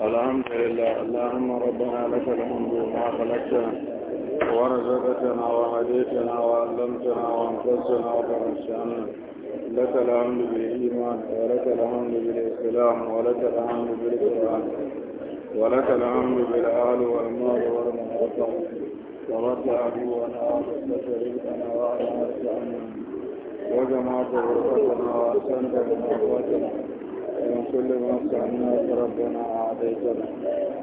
الحمد لله اللهم ربنا لك الحمد ما خلقتنا ورزقتنا وهديتنا وعلمتنا وانقذتنا وفرشتنا لك الحمد بالإيمان ولك الحمد بالإسلام ولك الحمد بالقرآن ولك الحمد بالال والمال والمنقطع ورد عدونا وشريكنا وعلمتنا وجمعت غرفتنا وأحسنت من قوتنا من كل ما ربنا وعديتنا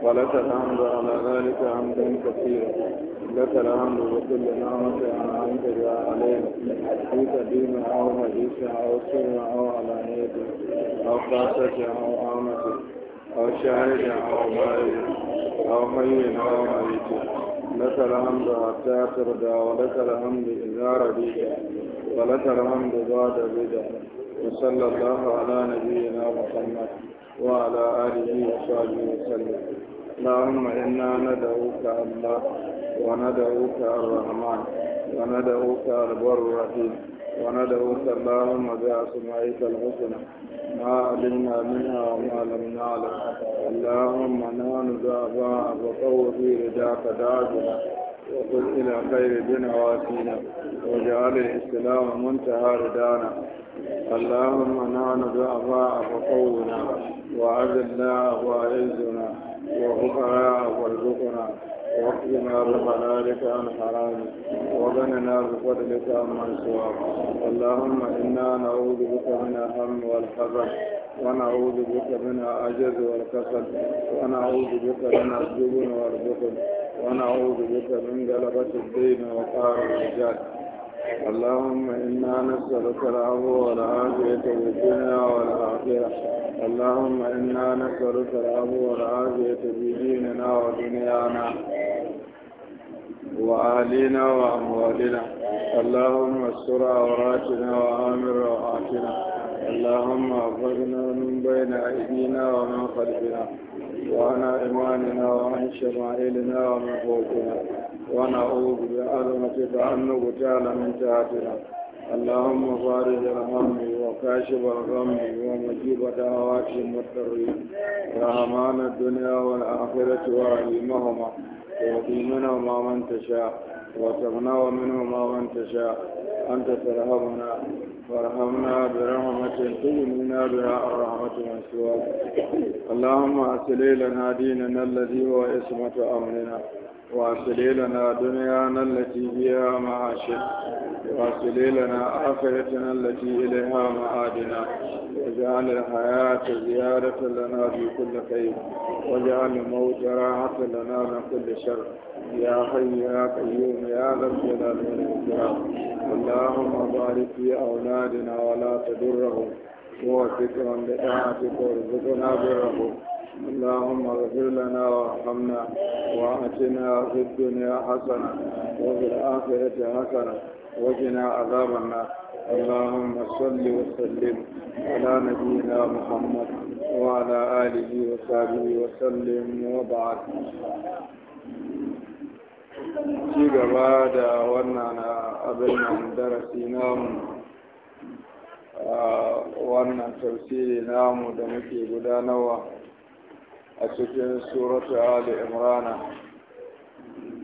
ولك الحمد على ذلك حمدا كثيرا لك الحمد بكل نعمة أنعمت بها علينا في قديم أو حديث أو سر أو على نيته أو قاسة أو عامة أو شاهد أو غائب أو حي أو ميت لك الحمد حتى ترضى ولك الحمد إذا رضيت ولك الحمد بعد بدأ وصلى الله على نبينا محمد وعلى آله وصحبه وسلم اللهم إنا ندعوك الله وندعوك الرحمن وندعوك البر الرحيم وندعوك اللهم بأسمائك الحسنى ما علمنا منها وما لم نعلم اللهم نحن ضعفاء فطوفي رجاك دعونا وقل إلى خير واتينا وجعل الإسلام منتهى ردانا اللهم نعن ضعفاء فقونا وعزلنا وأعزنا وفقراء وارزقنا واقضنا بحلالك عن حرامك وغننا بفضلك عن سواك اللهم انا نعوذ بك من الهم والحزن ونعوذ بك من العجز والكسل ونعوذ بك من الجبن والبخل ونعوذ بك من غلبة الدين وقهر الرجال اللهم إنا نسألك العفو والعافية في الدنيا والآخرة اللهم إنا نسألك العفو والعافية في ديننا ودنيانا وأهلنا وأموالنا اللهم استر عوراتنا وآمر روحاتنا اللهم أخرجنا من بين أيدينا ومن خلفنا وعن إيماننا وعن شمائلنا ومن ونعوذ بعظمتك أن نغتال من تحتنا اللهم فارج الهم وكاشف الغم ومجيب دعوات المضطرين رحمان الدنيا والآخرة وعليمهما تعطي منهما من تشاء وتمنع منهما من تشاء أنت ترهبنا وارحمنا برحمة تغنينا بها الرحمة من سواك اللهم أسلي لنا ديننا الذي هو اسمة أمرنا واصل لنا دنيانا التي فيها معاشنا واصل لنا آخرتنا التي إليها معادنا واجعل الحياة زيارة لنا في كل خير واجعل الموت راحة لنا من كل شر يا حي يا قيوم يا ذا الجلال والإكرام اللهم بارك في أولادنا ولا تضرهم ووفقهم لطاعتك وارزقنا برهم اللهم اغفر لنا وارحمنا وآتنا في الدنيا حسنة وفي الآخرة حسنة وقنا عذاب النار اللهم صل وسلم على نبينا محمد وعلى آله وصحبه وسلم وبعد ci gaba da wannan abin nan darasi namu wannan tafsiri namu da muke gudanarwa a cikin surat ali imrana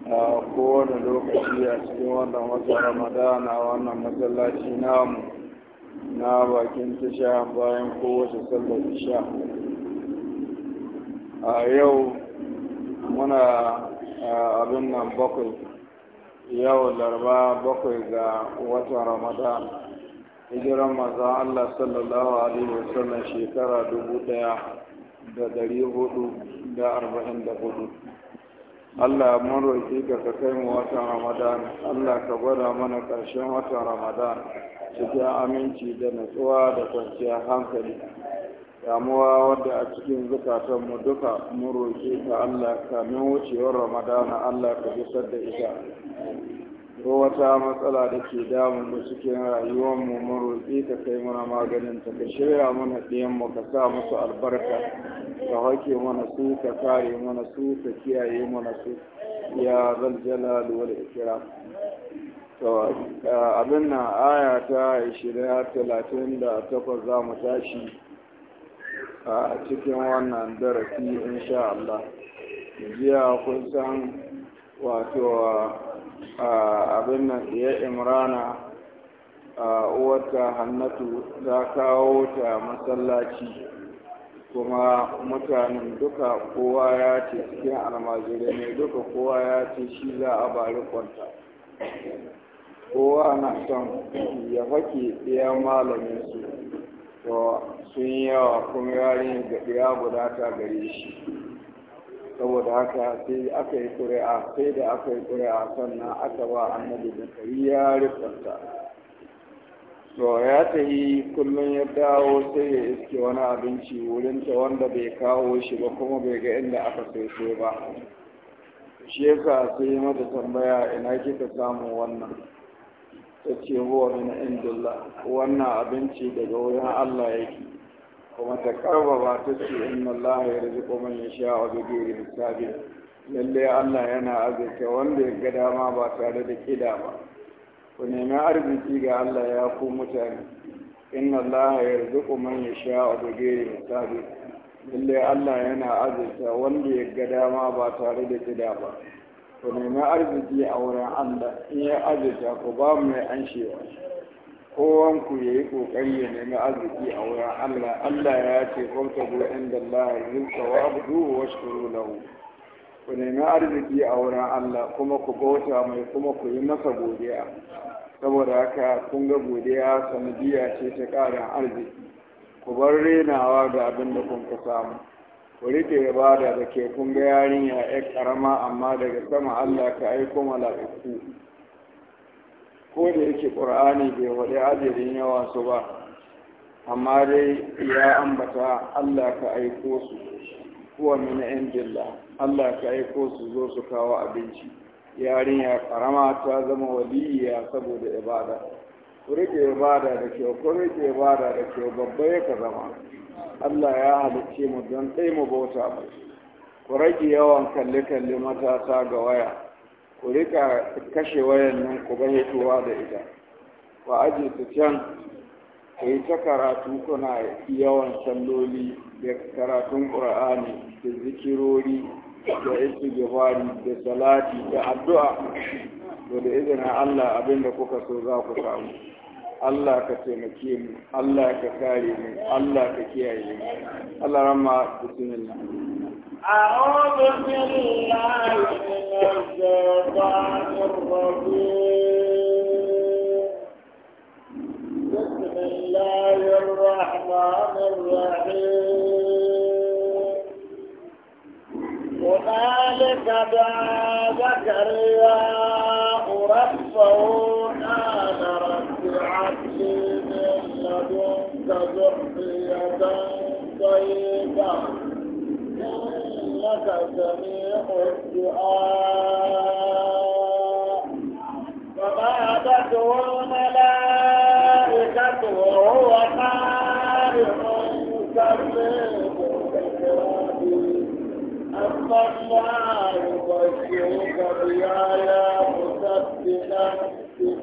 a kowane lokaci a cikin wannan wata ramadana wannan masallaci namu na bakin tasha bayan kowace sallar isha a yau muna abin nan bakwai yau larba bakwai ga wata Ramadana. hijiran maza allah sallallahu alaihi wasallam shekara dubu daya da ɗari hudu da arba'in da hudu Allah ya roƙi ka ka kai mu watan Ramadan Allah ka gwada mana ƙarshen watan Ramadan cikin aminci da natsuwa da kwanciya hankali damuwa wadda a cikin zukatanmu duka mu roke ka Allah kamin wucewar Ramadan Allah ka bisar da ita ko wata matsala da ke damun da suke rayuwar mu mun roƙi ka kai mana maganin ta ka shirya mana ɗiyan mu ka sa musu albarka ka hake mana su ka kare mana su ka kiyaye mana su ya zal jalal wal ikram to abin nan aya ta talatin da takwas za mu tashi a cikin wannan darasi insha Allah jiya kun san wato abin nan iya imrana uwarta hannatu za kawo ta masallaci kuma mutanen duka kowa ya ce cikin almajirai ne duka kowa ya ce shi za a bari kwanta kowa na son ya fake ɗaya malamin su to sun yawa kuma yarin ga ɗaya guda ta gare shi saboda haka sai aka yi ƙuri'a sai da aka yi ƙuri'a sannan aka ba annabi ya rifarta so ya ta yi kullum ya dawo sai ya iske wani abinci wurinta wanda bai kawo shi ba kuma bai ga inda aka saito ba shi yasa sai mata tambaya ina kika samu wannan ta ce huwa min indillah wannan abinci daga wurin Allah yake kuma ta karfafa ta ce inna Allah ya rizqu man yasha wa bi ghairi hisabi lalle Allah yana azurta wanda ya ga dama ba tare da kida ba ku nemi arziki ga Allah ya ku mutane inna Allah ya rizqu man yasha wa bi ghairi hisabi lalle Allah yana azurta wanda ya ga dama ba tare da kida ba ku nemi arziki a wurin Allah in ya azurta ku ba mai anshewa kowan ku yi kokari ya nemi arziki a wurin Allah Allah ya ce qultu inda Allah rizqa wa abduhu washkuru lahu ku nemi arziki a wurin Allah kuma ku bauta mai kuma ku yi masa godiya saboda haka kun ga godiya sanadiya ce ta ƙarin arziki ku bar renawa ga abin da kun ka samu ku rike ibada da ke kun ga yarinya ya karama amma daga sama Allah ka aiko mala'iku ko da yake ƙur'ani bai faɗi adadin yawa su ba amma dai ya ambata Allah ka aiko su kuwa min indillah Allah ka aiko su zo su kawo abinci yarinya karama ta zama waliya saboda ibada ku rike ibada da kyau ku rike ibada da kyau babba ya ka zama Allah ya halicce mu don kai mu bauta ku rage yawan kalle-kalle matasa ga waya ku rika kashe wayan nan ku ga hitowa da ita ku aje ta can ku yi ta karatu kuna yawan salloli da karatun ƙur'ani da zikirori da gabari da salati da addu'a to da izinin Allah abinda kuka so za ku samu Allah ka taimake mu Allah ka kare mu Allah ka kiyaye mu Allah rama bismillah أعوذ بالله من الشيطان الرجيم بسم الله الرحمن الرحيم هنالك دعا زكريا ربه هب لي من لدنك ذرية طيبة إنك سميع الدعاء فبعثته الملائكة وهو قائم يسبح أما الله يبشرك بها يا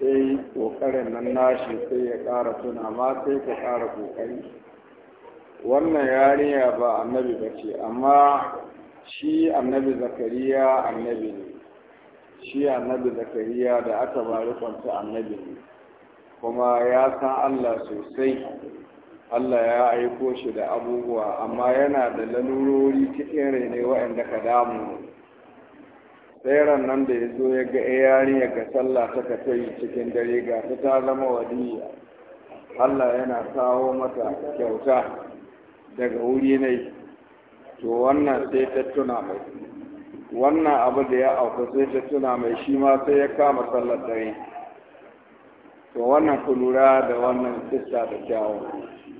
sai ƙoƙarin nan nashi sai ya ƙara tuna ma sai ka ƙara ƙoƙari wannan yariya ba annabi ba ce amma shi annabi zakariya annabi ne shi annabi zakariya da aka bari kwanta annabi ne kuma ya san allah sosai allah ya aiko shi da abubuwa amma yana da lalurori cikin rene waɗanda ka damu tseren nan da ya zo ya ga yari ya ga sallah ta yi cikin dare ga ta ta zama waliya Allah yana kawo mata kyauta daga wuri ne to wannan sai ta tuna mai wannan abu da ya auka sai ta tuna mai shi ma sai ya kama sallar dare to wannan ku lura da wannan kissa da kyawu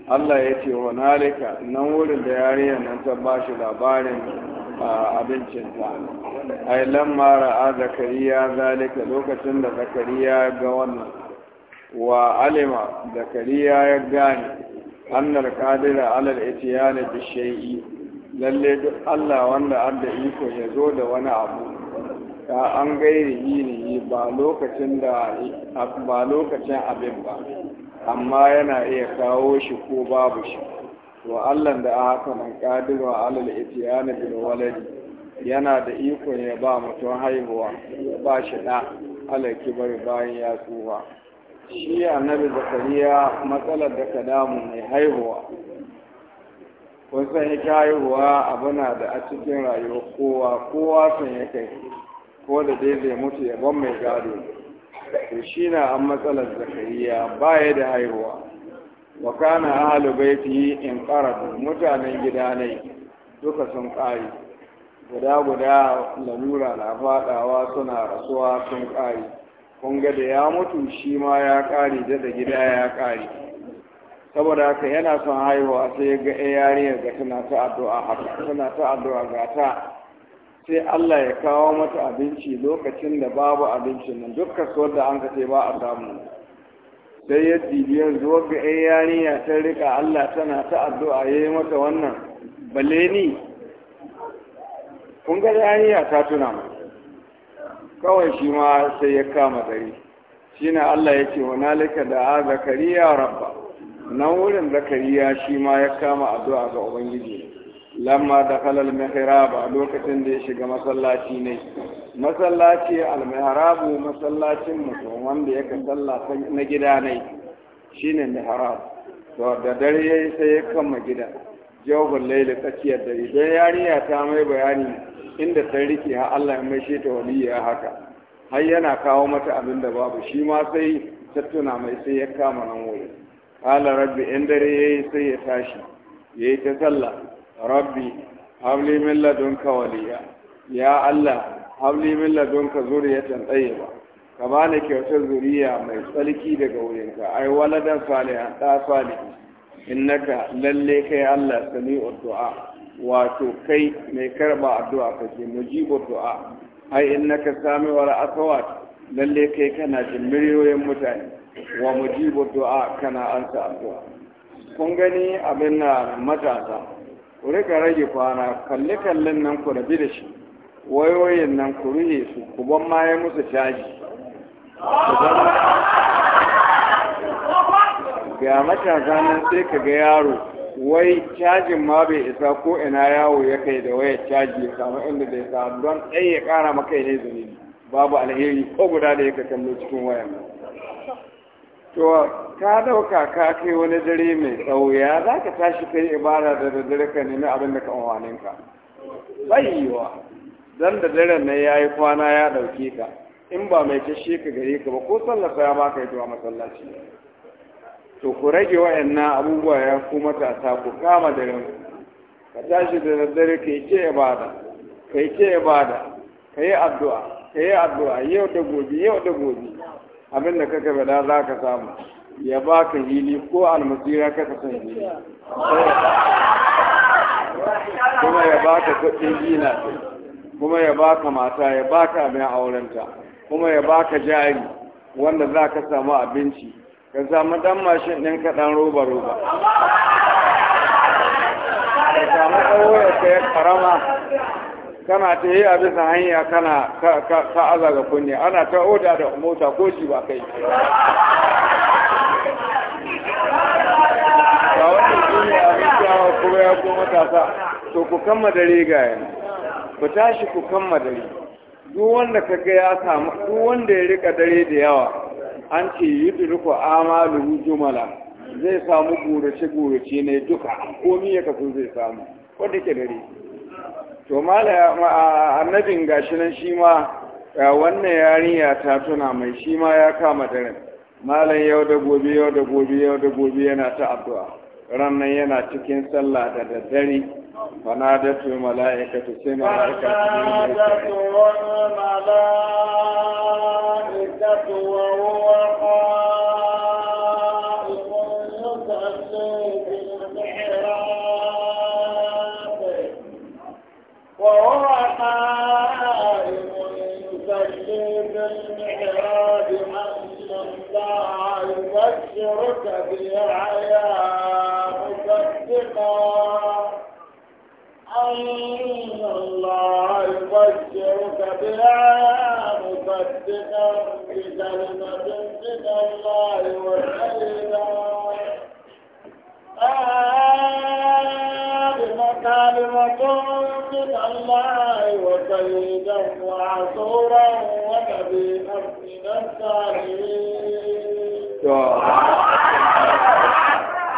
Allah ya ce wa nalika nan wurin da yariyar nan ta bashi labarin abincin ta ai lamma ra'a zakariya zalika lokacin da zakariya ga wannan wa alima zakariya ya gane annar qadira alal itiyani bi shay'i lalle duk Allah wanda adda iko ya zo da wani abu ka an gairi yini ba lokacin da ba lokacin abin ba amma yana iya kawo shi ko babu shi wa Allah da aka nan kadiru alal itiyana bil waladi yana da iko ya ba mutum haihuwa ya ba shi da alal kibar bayan ya tsufa shi annabi zakariya matsalar da ka damu mai haihuwa kun san ita haihuwa abuna da a cikin rayuwa. kowa kowa sun ya kai ko da dai zai mutu ya ban mai gado to shi na an matsalar zakariya baya da haihuwa wa kana ahlu baitihi in qaradu mutanen gida ne duka sun ƙare. guda guda lalura na faɗawa suna rasuwa sun ƙare. kun ga da ya mutu shi ma ya kare da da gida ya ƙari saboda haka yana son haihuwa sai ya ga yarinyar ga tana ta addu'a haka tana ta addu'a ga ta sai Allah ya kawo mata abinci lokacin da babu abincin nan dukkan kasuwar da an ka ba a samu sai ya zuwa ga 'yan ɗan yarinya ta rika Allah tana ta addu'a ya yi mata wannan bale ni kun ga yarinya ta tuna ma kawai shi ma sai ya kama gari shi na Allah ya ce wani alika da a zakariya rabba nan wurin zakariya shi ma ya kama addu'a ga Ubangiji ne lamma da halal mihrab lokacin da ya shiga masallaci ne masallaci almihrabu masallacin mutum wanda yake sallah na gida ne shine mihrab to da dare yayi sai ya kama gida jawabin laila tsakiyar dare don yarinya ta mai bayani inda ta rike ha Allah ya mai ta waliya haka har yana kawo mata abin da babu shi ma sai tattuna mai sai ya kama nan wuri qala rabbi in dare yayi sai ya tashi yayi ta sallah rabbi habli min ladunka waliya ya Allah habli min ladunka zuriyatan tayyiba ka bani kyautar zuriya mai tsarki daga wurinka ai waladan salihan da salihi innaka lalle kai Allah sami'ud du'a wato kai mai karba addu'a kake mujibu du'a ai innaka sami'ur aswat lalle kai kana jin miliyoyin mutane wa mujibu du'a kana ansa addu'a kun gani abin na matasa ku rika rage kwana kalle kallen nan ku rabi da shi wayoyin nan ku rufe su ku ban ma ya musu caji ga matasa nan sai ka ga yaro wai cajin ma bai isa ko ina yawo ya kai da wayar caji ya samu inda da ya don ɗaya ya ƙara maka ne zunubi babu alheri ko guda da ya ka kallo cikin wayan ka ɗauka ka kai wani dare mai tsawo ya za ka tashi kai ibada da daddare ka nemi abin da ka amfanin ka bayyawa dan da dare na ya yi kwana ya ɗauki ka in ba mai shi ka gare ka ba ko sa ya baka yi zuwa masallaci to ku rage wa'annan abubuwa ya ku matasa ku kama daren ka tashi da daddare ka yi ce ibada ka yi ce ibada ka yi addu'a ka yi addu'a yau da gobe yau da gobe abin da ka gaba da za ka samu ya ba ka hili ko almasira ka san hili kuma ya ba ka kuɗin gina kuma ya ba ka mata ya ba ka mai aurenta kuma ya ba ka jari wanda za ka samu abinci ka samu dan mashin ɗin kaɗan roba roba ka samu ka karama kana ta yi a bisa hanya kana ka aza ga kunya? ana ta oda da mota ko shi ba kai ya ko matasa to ku kamma dare ga yana. ku tashi ku kamma dare duk wanda ka ga ya samu duk wanda ya rika dare da yawa an ce yudriku amalu jumala zai samu gurace gurace ne duka komi ya kaso zai samu wanda ke dare to mala annabin gashi nan shi ma wannan yarinya ta tuna mai shi ma ya kama daren malam yau da gobe yau da gobe yau da gobe yana ta addu'a ranar yana cikin sallah da daddare fanadatu mala'ikatu sai mala'ikatu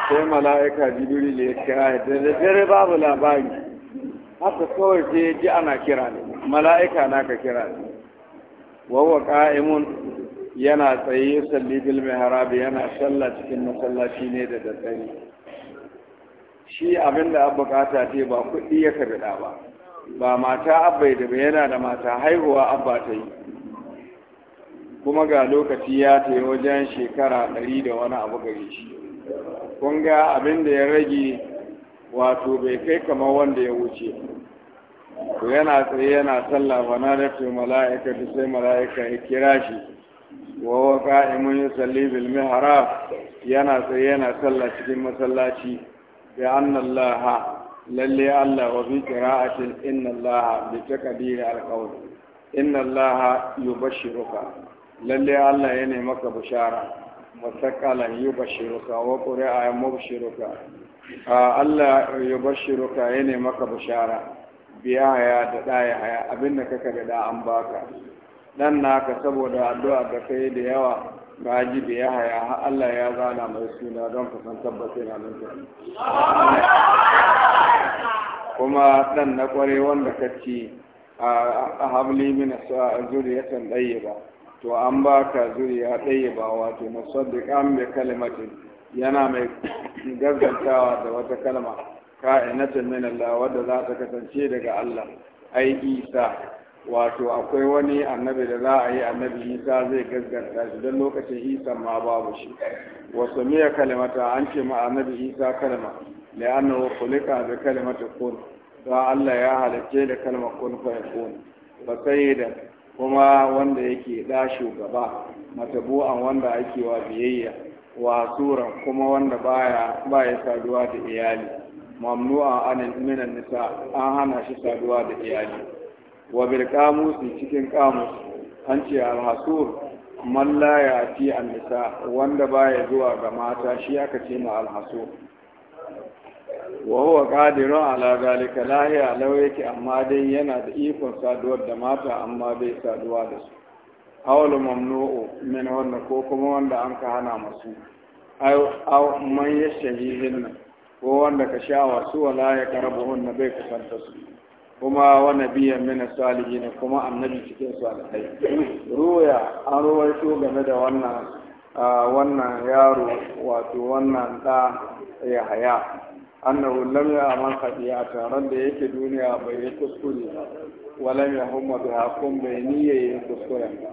sai mala'aika jiduri ne ya kira ya babu labari haka kawai sai ji ana kira ni. mala'ika na ka kira wawa ƙa'imun yana tsaye salli bil harabi yana sallah cikin masallaci ne da daddare shi abin da abu kata ce ba kuɗi ya karɓa ba ba mata abba da ba yana da mata haihuwa abba ta yi kuma ga lokaci ya ta yi wajen shekara ɗari da wani abu gare shi kun ga abin da ya rage wato bai kai kamar wanda ya wuce to yana tsaye yana sallah fa mala'ika da sai mala'ika ya kira shi wa huwa qa'imun yusalli bil mihrab yana tsaye yana sallah cikin masallaci bi anna allaha lalle Allah wa bi qira'atin inna allaha bi takdir al qawl inna allaha yubashshiruka lalle Allah yana maka bishara mutakalan yubashshiruka wa qira'a mubashshiruka Allah yubashshiruka yana maka bishara biya haya da ɗaya haya abin da kaka da an baka dan naka saboda addu'a da kai da yawa ga ji biya haya har Allah ya zana mai suna don ka san tabbata nan kuma dan na kware wanda ka ci a hamli min zuriyatan dayyiba to an baka zuriya dayyiba wato musaddiqan bi kalimatin yana mai gaggantawa da wata kalma ka'inatan min Allah wadda za ta kasance daga Allah ai Isa wato akwai wani annabi da za a yi annabi Isa zai gaskata shi don lokacin Isa ma babu shi Wasu miya kalimata an ce ma annabi Isa kalma la annabi khuliqa da kalimati kun da Allah ya halicce da kalma kun fa yakun ba da kuma wanda yake da shugaba matabu'an wanda ake wa biyayya wa sura kuma wanda baya baya saduwa da iyali mamnu'a anil minan nisa an hana shi saduwa da iyali wa bil cikin kamus an ce al hasur man la yati an nisa wanda baya zuwa ga mata shi aka ce ma al hasur wa huwa qadirun ala zalika lahiya law yake amma dai yana da ikon saduwar da mata amma bai saduwa da su hawlu mamnu'u min wannan ko kuma wanda an ka hana masu aw man yashtahi hinna ko wanda ka sha su wala ya karabu hunna bai kusanta su kuma wa nabiyyan min salihin kuma annabi cikin salihai ruya an ruwaito game da wannan wannan yaro wato wannan da ya haya annahu lam ya'mal khati'ata ran da yake duniya bai yi kuskure ba walam yahumma biha kun bai niyyaye kuskure ba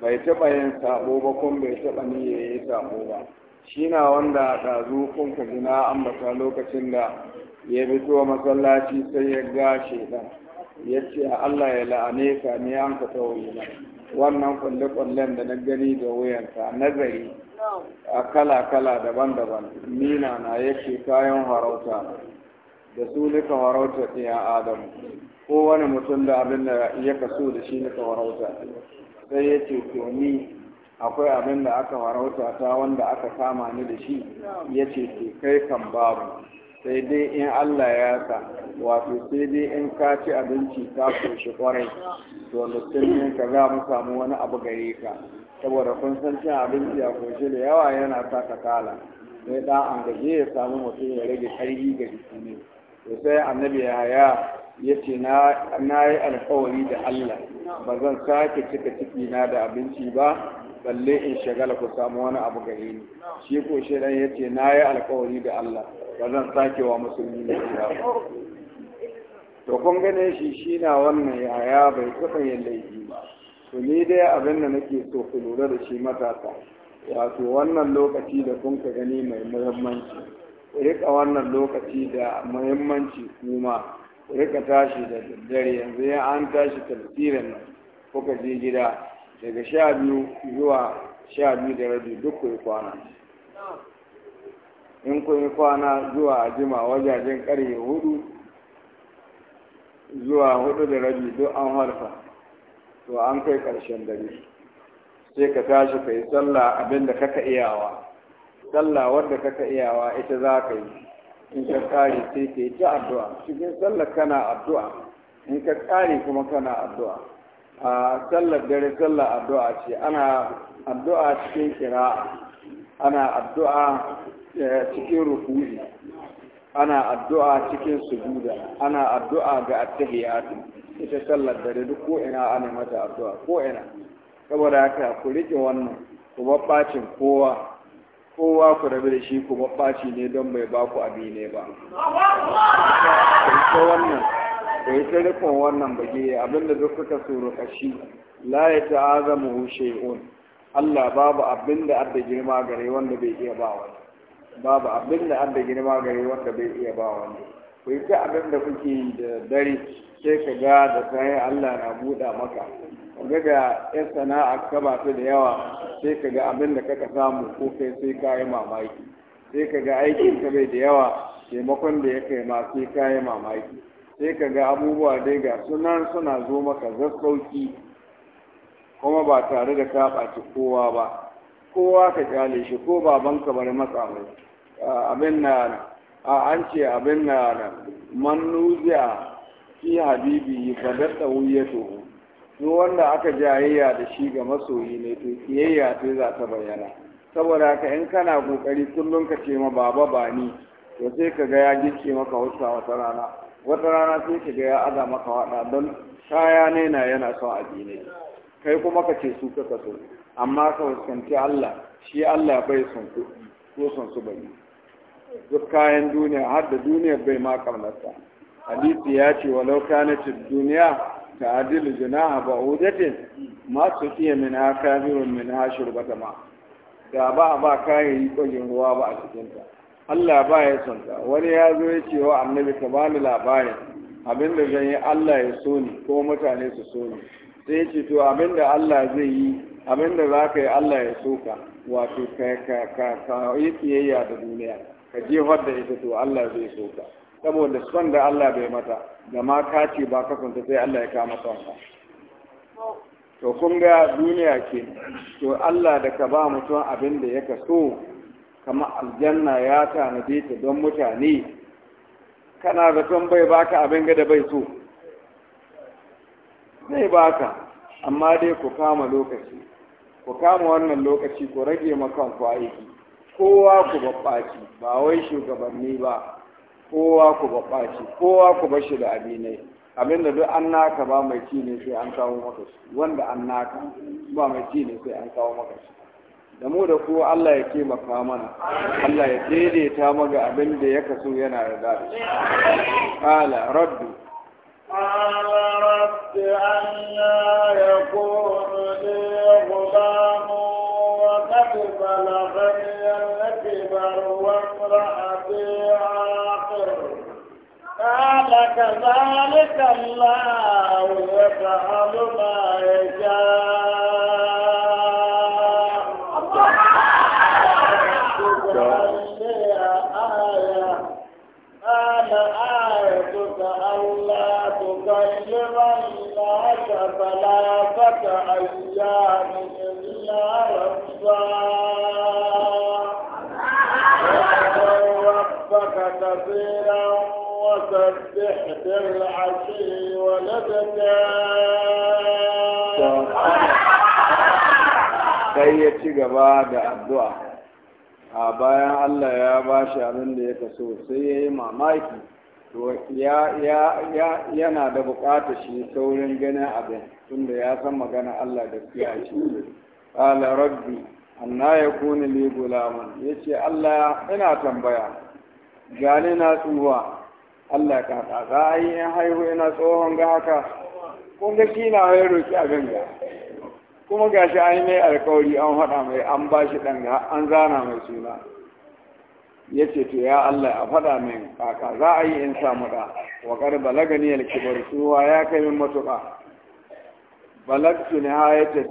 bai taɓa yin sabo ba kun bai taɓa yi sabo ba shi na wanda ɗazu kun ka gina ambata lokacin da ya fito masallaci sai ya ga shaidan ya ce a Allah ya la'ane ka ne an ka tawaye na wannan kwalle-kwallen da na gani da wuyanta nazari a kala-kala daban-daban nina na yake kayan harauta da su nika harauta ɗaya adamu kowane mutum da abin da ya kaso da shi nika harauta sai ya ce to ni akwai abin da aka farauta ta wanda aka kama ni da shi ya ce ke kai kan babu sai dai in Allah ya sa wato sai dai in ka ci abinci ka koshi kwarai to musulmin ka za mu samu wani abu gare ka saboda kun san cin abinci a koshi da yawa yana sa ka kala sai ɗan an gaje ya samu mutum ya rage karfi ga jiki ne to sai annabi ya ya ce na yi alkawari da Allah ba zan sake cika ciki na da abinci ba balle in shagala ku samu wani abu gare ni shi ko shi ya ce na yi alkawari da Allah ba zan sake wa musulmi ne ba to kun gane shi shi na wannan yaya bai kusa yin laifi ba to ni dai abin da nake so ku lura da shi matasa wato wannan lokaci da kun ka gani mai muhimmanci ku rika wannan lokaci da muhimmanci kuma ku rika tashi da daddare yanzu an tashi tafsirin nan kuka je gida daga sha biyu zuwa sha biyu da rabi duk kun kwana in kun kwana zuwa a jima wajajen karye hudu zuwa hudu da rabi duk an harfa to an kai karshen dare sai ka tashi ka yi sallah abinda kaka iyawa sallah wadda kaka iyawa ita za ka yi in ka kare sai ka yi ta addu'a cikin sallah kana addu'a in ka kare kuma kana addu'a a sallar dare sallar addu'a ce ana addu'a cikin kira ana addu'a eh, cikin rukuni ana addu'a cikin sujuda ana addu'a ga attahiyatu ita sallar dare duk ko ina ana mata addu'a ko ina saboda haka ku rike wannan ku babbacin kowa kowa ku rabu da shi ku babbaci ne don bai ba ku abi ne ba wannan ku yi rikon wannan bage abinda duk kuka suruka kashi la ya ta'azamu shay'un Allah babu abinda adda girma gare wanda bai iya ba wani babu abinda adda girma gare wanda bai iya ba wani ku yi ta abinda kuke yi da dare sai ka ga da sai Allah na buɗa maka ga ga yan sana'a ka ba da yawa sai ka ga abinda kaka samu ko kai sai ka yi mamaki sai ka ga aikin ka bai da yawa taimakon da ya kai ma sai ka yi mamaki sai ka ga abubuwa dai ga sunan suna zo maka zassauki kuma ba tare da ka ɓaci kowa ba kowa ka kyale shi ko babanka bari matsa mai abin na an ce abin na manuziya fi habibi ba daɗa to duk wanda aka jayayya da shi ga masoyi ne to kiyayya sai za ta bayyana saboda ka in kana kokari kullum ka ce ma baba ba ni to sai ka ga ya gice maka wata wata rana wata rana sai ka ga ya aza maka wada don shaya ne na yana son addini kai kuma ka ce su kaka so amma ka fuskanci Allah shi Allah bai son ko son su bai duk kayan duniya har da duniya bai ma kaunarta hadisi ya ce walau kana ci duniya ta adilu junaha ba hudatin ma su fiye min ha kafirun min ha shurbata ma da ba a ba kayan yi kwajin ruwa ba a cikinta Allah ba ya son ka wani ya zo ya ce wa annabi ka ni labarin abin da zan yi Allah ya so ni ko mutane su so ni sai ya ce to abin da Allah zai yi abin da za ka yi Allah ya so ka wato ka yi tiyayya da duniya ka jefar da ita to Allah zai so ka saboda son da Allah bai mata da ma ka ce ba ka kunta sai Allah ya kama son ka to kun ga duniya ke to Allah da ka ba mutum abin da ya so kama aljanna ya tanade ta don mutane kana da son bai baka abin da bai so zai baka amma dai ku kama lokaci ku kama wannan lokaci ku rage makan aiki kowa ku babbaci ba wai shugabanni ba kowa ku babbaci kowa ku bashi da abinai abinda duk an naka ba mai ci ne sai an kawo maka wanda an naka ba mai ci ne sai an kawo maka da mu da ku Allah ya ke mana Allah ya daidaita maga abin da ya kaso yana da daɗi. Kala, rabbi qala rabbi anna ya guda mu wa qad balaghani al-kibar wa imra'ati akhir qala kadhalika Allah yaf'alu ma ja. ثلاثة أيام إلا رمضان ربك كثيرا وسبح بالعشي والابتداء sai ya ci gaba da addu'a a bayan Allah ya ba shi abin da ya kaso sai ya yi mamaki to yana da buƙatar shi saurin ganin abin tunda ya san magana Allah da kiyaye shi qala rabbi anna yakuna li gulamun yace Allah ina tambaya gane na tsuwa Allah ka ta ga yi haihu ina tsohon ga haka kun ga shi na ya roki abin ga kuma gashi ainihin mai alƙawari an faɗa mai an bashi ɗan an zana mai suna ya ce to ya Allah a faɗa min kaka za a yi in samu da wa kar balagani alkibar suwa ya kai min matuƙa balagtu ne ha ya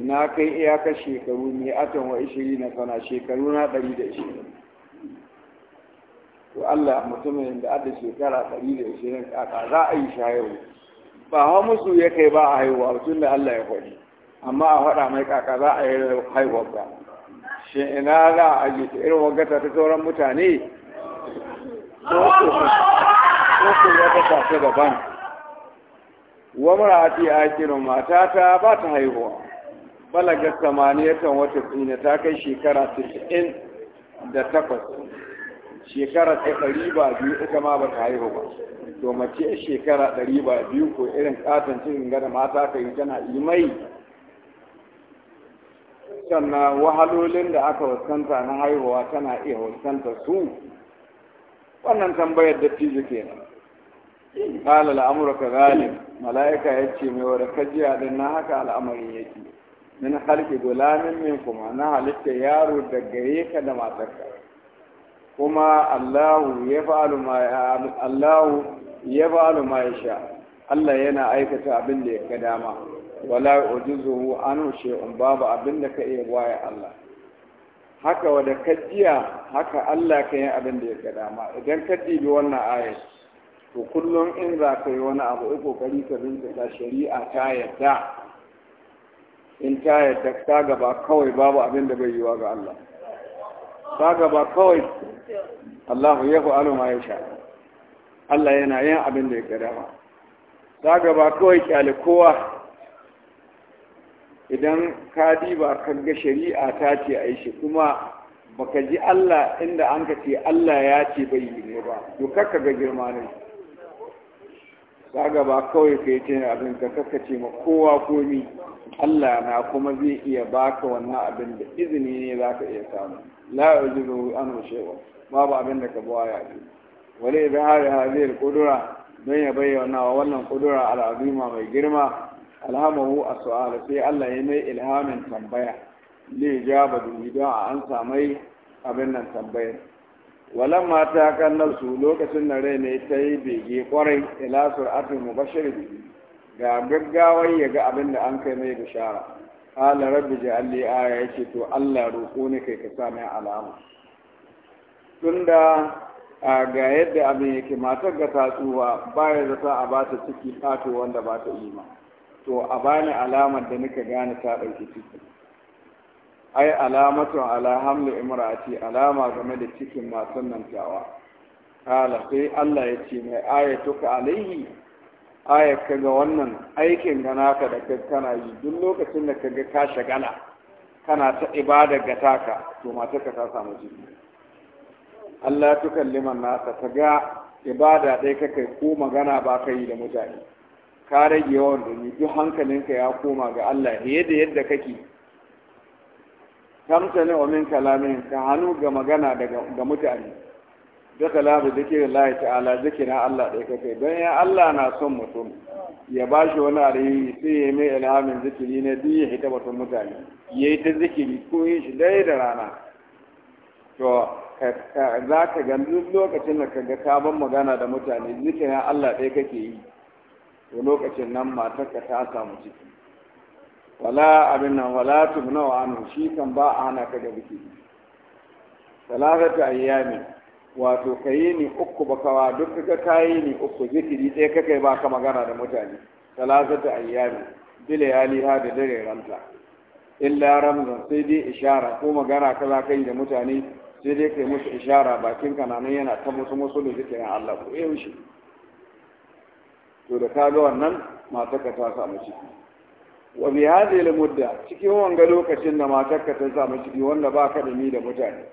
na kai iyaka shekaru mai atan wa ishiri na sana shekaru na ɗari da ishirin to Allah mutumin da adda shekara ɗari da ishirin kaka za a yi shayarwa ba hau musu ya kai ba a haihuwa tun da Allah ya faɗi amma a faɗa mai kaka za a yi haihuwa ba shi ina za a ajiye ta irin wagata ta sauran mutane ko ku wata tafi daban wa mara'ati akirin matata ba ta haihuwa balaga samaniyatan wata tsina ta kai shekara 90 da takwas shekara ta ɗari ba biyu ita ma ba ta haihu ba to mace shekara ɗari ba biyu ko irin katon cikin gada mata ka yi tana imai sannan wahalolin da aka fuskanta na haihuwa tana iya wasanta su wannan tambayar da fizi kenan kala al'amuru ka galib mala'ika ya ce mai wadda kajiya din na haka al'amarin yake min halki gulamin min kuma na halitta yaro da gare ka da matarka kuma allahu ya fa'alu ma allahu ya sha Allah yana aikata abin da ya ga dama wala ujuzuhu anu shay'un babu abin da ka iya waye Allah haka wada kajiya haka Allah ka yi abin da ya ga dama idan ka dibi wannan aya to kullum in za ka yi wani abu ai kari ka bincika shari'a ta yadda in ta yadda ta gaba kawai babu abin da bai wa ga Allah ta gaba kawai Allah ya alu ma ya sha Allah yana yin abin da ya ga dama ta gaba kawai kyale kowa idan ka diba ga shari'a ta ce a kuma shi kuma baka ji Allah inda an ka ce Allah ya ce bai yi ne ba to kakka ga girma ne ga ba kawai ka yi ce abin ka kakka ce ma kowa komi Allah na kuma zai iya baka wannan abin da izini ne za ka iya samu la yuzibu an shewa babu abin da ka baya ne wale idan har kudura don ya bayyana wannan kudura al'azima mai girma alhamahu a su'ala sai Allah ya mai ilhamin tambaya le ja ba don a an samai abin nan tambaya. walan mata kan su lokacin da rai ne ta yi bege kwarai ila sur'atul mubashir ga gaggawar ya ga abin da an kai mai bishara ala rabbi ja'alli aya yace to Allah roƙo ne kai ka sa mai alama tunda a ga yadda abin yake matar ga tatsuwa baya zata a bata ciki fato wanda ba ta yi ma to a bani alamar da nika gane ta ɗauki ciki ai alamatu ala hamli imrati alama game da cikin masu nan tawa kala sai Allah ya ce mai ka alaihi ayat ka ga wannan aikin ga naka da kai kana yi duk lokacin da ka ka shagala kana ta ibada ga taka to matar ka samu ciki Allah tukalliman nasa ta ga ibada ɗaya kakai ko magana ba ka yi da mutane ka rage yawan dumi duk hankalinka ya koma ga Allah fiye da yadda kake tamtani wa min kalamin ka hannu ga magana daga mutane da kalabu zikirin lahi ta'ala zikira Allah ɗaya kake don ya Allah na son mutum ya ba shi wani arihi sai ya mai ilhamin zikiri na duk ya hita batun mutane ya yi ta zikiri ko yin shi dai da rana to za ka ga duk lokacin da ka ga sabon magana da mutane zikira Allah ɗaya kake yi to lokacin nan matarka ta samu ciki wala abin nan wala tubna wa anhu shi kan ba a hana ka ga biki salatu ayyami wato kayi ni uku wa duk kaka kayi ni uku zikiri ka kai ba ka magana da mutane salatu ayyami bilayali ha da dare ranta illa ramzan sai dai ishara ko magana kaza kai da mutane sai dai kai musu ishara bakin nan yana ta musu musu da zikirin Allah ko yaushe to da ka ga wannan matarka ta samu ciki wa bi hadhihi mudda cikin wanga lokacin da matarka ta samu ciki wanda ba ka da ni da mutane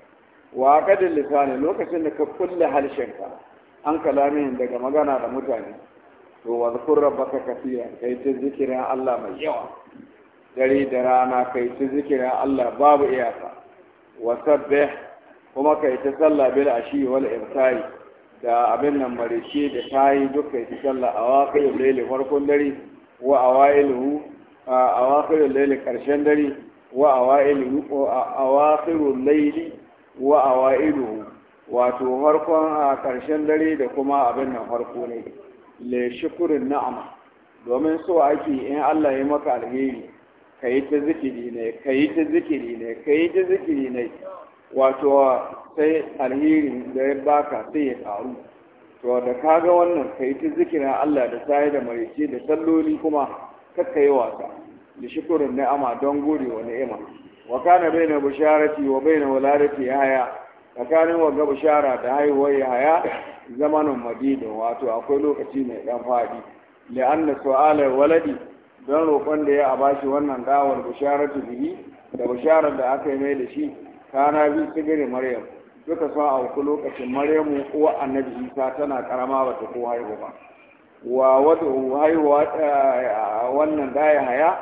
wa ka da lisani lokacin da ka kulle harshenka an kalamin daga magana da mutane to wa zkur rabbaka kafiya kai ta zikirin Allah mai yawa dare da rana kai ta zikirin Allah babu iyaka wa sabbih kuma kai ta sallah bil ashi wal ibtari da abin nan marishe da tayi duka ita sallah a wakilin laili farkon dare wa a wa'ilu a wakilin laili karshen dare wa a wa'ilu a wakilin laili wa a wa'ilu wato farkon a karshen dare da kuma abin nan farko ne le shukurin na'ama domin so ake in Allah ya maka alheri ka yi ta zikiri ne ka yi ta zikiri ne ka yi ta zikiri ne wato sai alherin da ya baka sai ya karu to da ka ga wannan ka yi ta zikirin Allah da sai da marice da salloli kuma kakka yi wasa da shukurin ni'ama don gode wa ni'ima wa kana baina busharati wa baina walarati haya tsakanin ga bishara da haihuwar haya zamanin madina wato akwai lokaci mai dan fadi la'anna su'ala waladi don roƙon da ya abashi wannan dawar busharatu bihi da bisharar da aka yi mai da shi kana bi gare maryam duka sa auku lokacin maryamu uwa annabi isa tana karama ba ta ko haihu ba wa wata haihuwa eh, wannan daya haya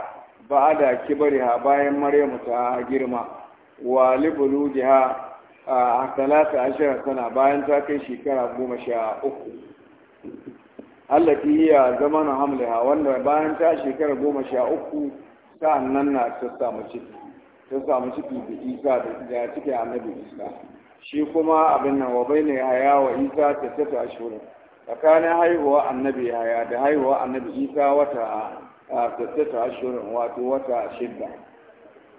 ba da ha bayan maryamu ta girma wa a ah, talata ashirar sana bayan ta kai shekara goma sha uku zama a zamanin hamliha wanda bayan ta shekara goma sha uku sa'an nan na ta samu ciki ta samu ciki da isa da ciki annabi isa shi kuma abin nan wa bai ne a wa isa ta tata ashirin tsakanin haihuwa annabi haya da haihuwa annabi isa wata ta tata ashirin wato wata shidda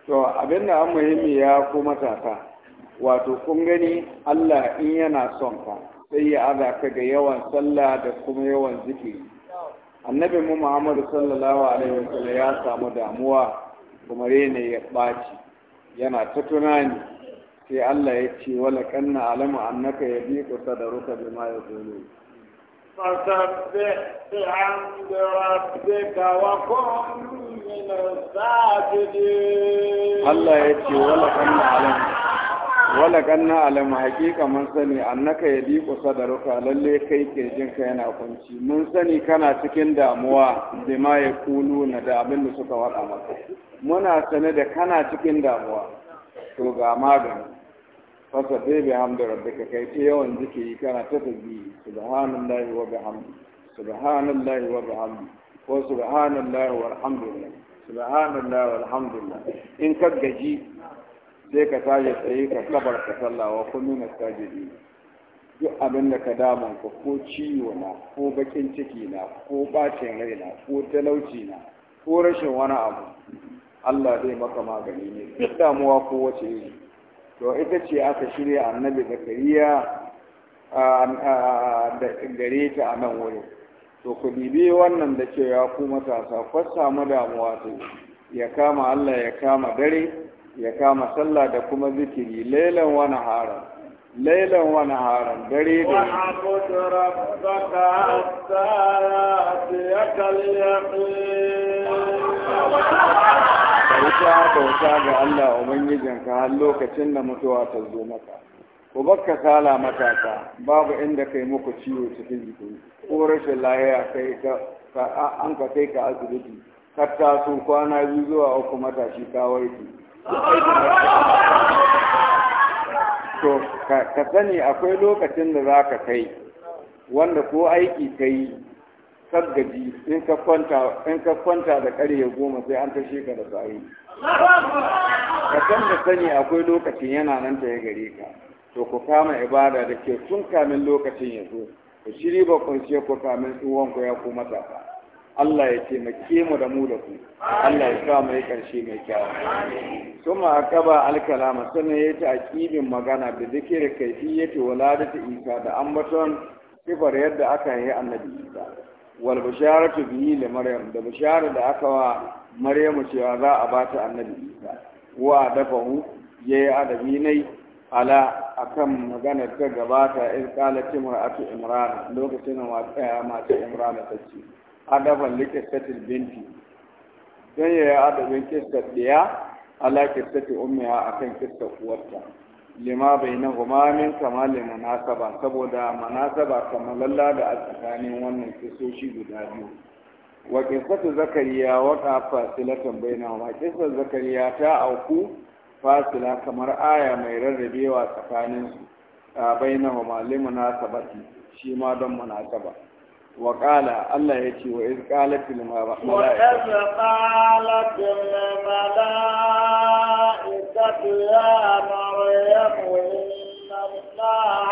to abin da an muhimmi ya ko tata wato kun gani allah in yana son ka sai ya aza ka ga yawan sallah da kuma yawan zikiri annabin mu muhammadu sallallahu alaihi wasallam ya samu damuwa kuma rene ya ɓaci yana ta tunani sai Allah ya ce wala kanna alamu annaka ya bi kusa da ruka bi ma ya zolo fasabbih bihamdi rabbika Allah ya ce wala kanna alamu wala ganna alamu haqiqa mun sani annaka ya da sadaruka lalle kai ke jin ka yana kunci mun sani kana cikin damuwa da ma ya kulu na da abin da suka wada maka muna sane da kana cikin damuwa to ga magani fasa bai bi hamdu rabbika kai ta yawan zikiri kana ta tabi subhanallahi wa bihamdi subhanallahi wa bihamdi ko subhanallahi walhamdulillah subhanallahi walhamdulillah in ka gaji sai ka tashi tsaye ka kabar ka sallawa ko nuna sajidi duk abin da ka damun ka ko ciwo na ko bakin ciki na ko bacin rai na ko talauci na ko rashin wani abu Allah zai maka magani ne duk damuwa ko wace yi. to ita ce aka shirya annabi zakariya da gare ta a nan wurin to ku bibi wannan da cewa ku matasa kwasa samu damuwa ya kama Allah ya kama dare ya kama sallah da kuma zikiri lailan wani haram lailan wani haram dare da yi ta bauta ga Allah Ubangijinka har lokacin da mutuwa ta zo maka. Ku bakka sala matasa babu inda kai muku ciwo cikin jiki ko rashin lahiya kai ka an ka kai ka asibiti ka su kwana biyu zuwa uku matashi ka warke to ka sani akwai lokacin da za ka kai wanda ko aiki ka yi gaji in ka kwanta da karye goma sai an tashe ka da sa'i ka san da sani akwai lokacin yana nan ta ya gare ka to ku kama ibada da ke tun kamin lokacin yazo, zo ku shiri ba kun ku kamin tsuwon ku ya kuma ta. Allah ya taimake mu da mu da ku Allah ya sa mu yi ƙarshe mai kyau kuma akaba alkalama sannan ya ta aqibin magana da zikir kayfiyati waladati Isa da ambaton sifar yadda aka yi annabi Isa wal bisharatu bi li maryam da bishara da aka wa maryamu cewa za a bata annabi Isa wa dafahu yayi adabi nai ala akan magana ta gabata in qalat imra'atu imran lokacin wa eh, mace imran ta ce adaban likistatil binti don ya adabin kista ɗaya ala kistati a akan kista uwarta lima bai na gumamin kamalin manasaba saboda manasaba kamalalla da a tsakanin wannan kisoshi guda biyu wa sata zakariya waka fasilatan bainahuma kistar zakariya ta auku fasila kamar aya mai rarrabewa tsakanin su bainahuma limunasabati shi ma don munasaba وقال الله يتي وإذ قالت الملائكة وإذ قالت للملائكة يا مريم إن الله